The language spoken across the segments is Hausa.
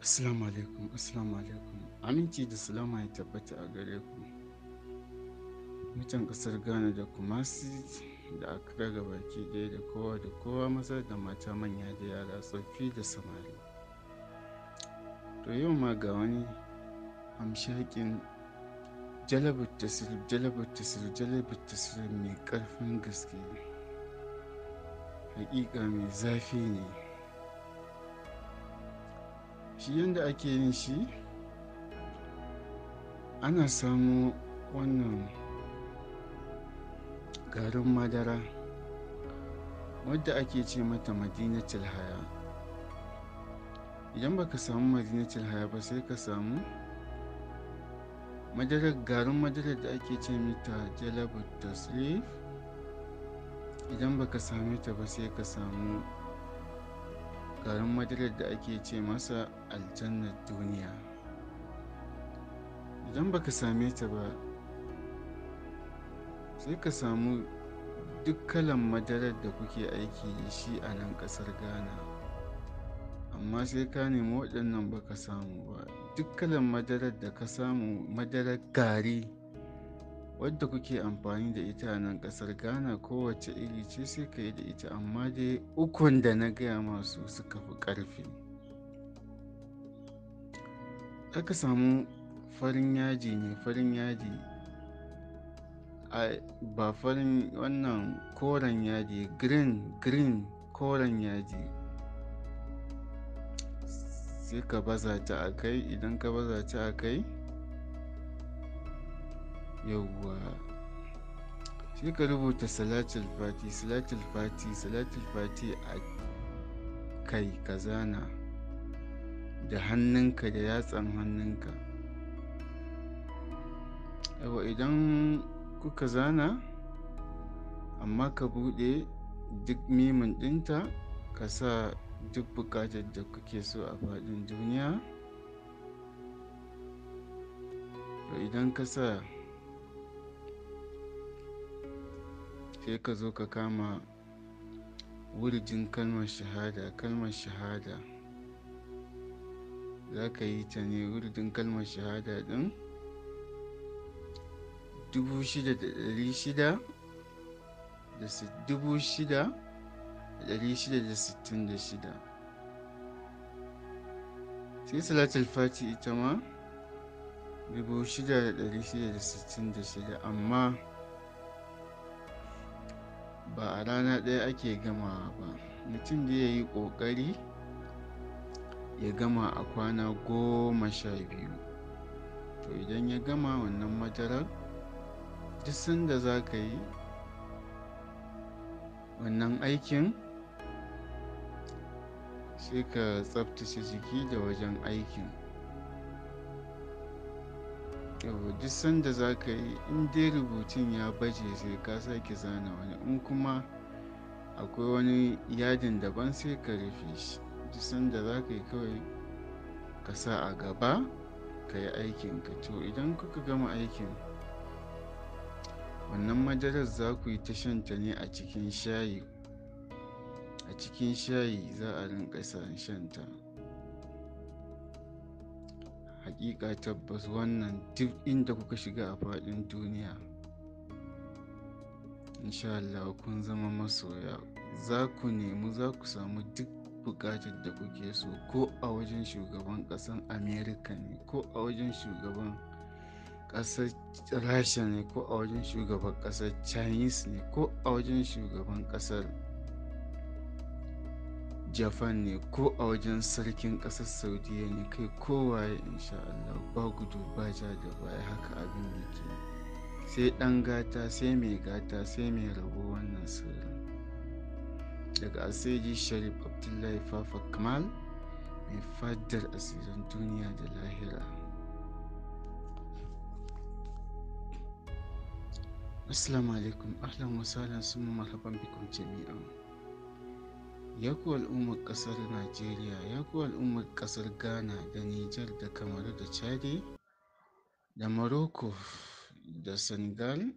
Assalamu alaikum, assalamu alaikum. Aminci da salama ya tabbata a gare ku. Mutan ƙasar Ghana da Kumasi da Accra ga baki ɗaya da kowa da kowa maza da mata manya da yara tsoffi da samari. To yau ma ga wani hamshakin jalabar tasir jalabar tasir jalabar tasir mai ƙarfin gaske. Hakika mai zafi ne. shi yadda ake yin shi ana samu wannan garin madara wadda ake ce mata madinatul haya idan baka samu madinatul haya ba sai ka samu madarar garin madarar da ake ce mita jalabar tasiri idan baka same ta ba sai ka samu taron madarar da ake ce masa aljannar duniya idan baka same ta ba sai ka samu duk madarar da kuke aiki da shi a nan ƙasar ghana amma sai ka nemi waɗannan baka samu ba duk kalan madarar da ka samu madarar gari wadda kuke amfani da ita nan kasar ghana kowace iri ce sai ka yi da ita amma dai ukun da na gaya masu suka fi karfi aka samu farin yaji ne farin yaji ba farin wannan koren yaji green green koren yaji sai ka baza ta a kai idan ka baza ta a kai yawwa sai ka rubuta salatul fati salatul fati salatul fati a kai ka zana da hannunka da yatsan hannunka yawa idan kuka zana amma ka buɗe duk mimin ɗinta ka sa duk buƙatar da kuke so a faɗin duniya idan ka sa sai ka zo ka kama wurjin kalmar shahada kalmar shahada za ka yi ta ne wurjin kalmar shahada din shida sai salatul fati ita ma shida amma ba a rana ɗaya ake gamawa ba mutum da ya yi ƙoƙari ya gama a kwana goma sha biyu to idan ya gama wannan madarar duk sanda za ka yi wannan aikin sai ka tsabtace jiki da wajen aikin duk sanda za ka yi in dai rubutun ya baje sai ka sake zana wani in kuma akwai wani yadin daban sai ka rufe shi duk sanda za ka yi kawai ka sa a gaba ka yi aikinka to idan kuka gama aikin wannan madarar za ku yi ta shanta ne a cikin shayi a cikin shayi za a rinka shanta hakika tabbas wannan duk inda kuka shiga a faɗin duniya Allah kun zama masoya za ku nemi za ku samu duk buƙatar da kuke so ko a wajen shugaban ƙasar amerika ne ko a wajen shugaban ƙasar rasha ne ko a wajen shugaban ƙasar chinese ne ko a wajen shugaban ƙasar japan ne ko a wajen sarkin ƙasar saudiya ne kai kowaye insha Allah ba gudu ba ja da baya haka abin da ke sai ɗan gata sai mai gata sai mai rabo wannan sirrin daga asiri sharif abdullahi fafa kamal mai fadar asirin duniya da lahira assalamu alaikum ahlan wasalan sun marhaban bikin jami'a ya ku al'ummar kasar najeriya ya ku al'ummar kasar ghana da niger da kamaru da chadi da morocco da senegal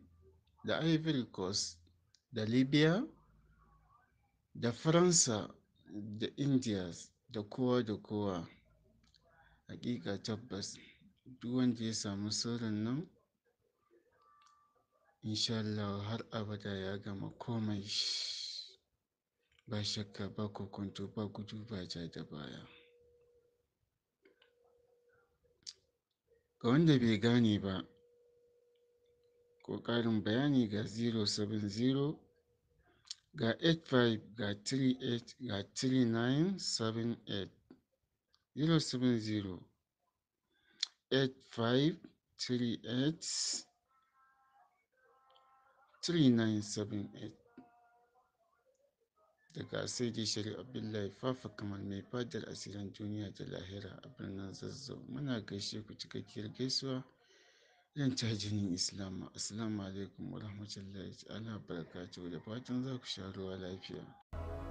da ivory coast da libya da faransa da india da kowa da kowa hakika tabbas duk wanda ya samu sirrin nan insha har abada ya gama komai ba shakka ba kokwanto ba gudu ba ja da baya ga wanda bai gane ba ko bayani ga 070 ga 85 ga 38 ga 3978 070 85 38 3978 daga Asidi Sharif Abdullahi Fafa kamar mai fadar asirin duniya da lahira a birnin Zazzau. Muna gaishe ku cikakkiyar gaisuwa irin ta jinin Islama. Assalamu alaikum wa rahmatullahi ta'ala barakatuhu da fatan za ku sha ruwa lafiya.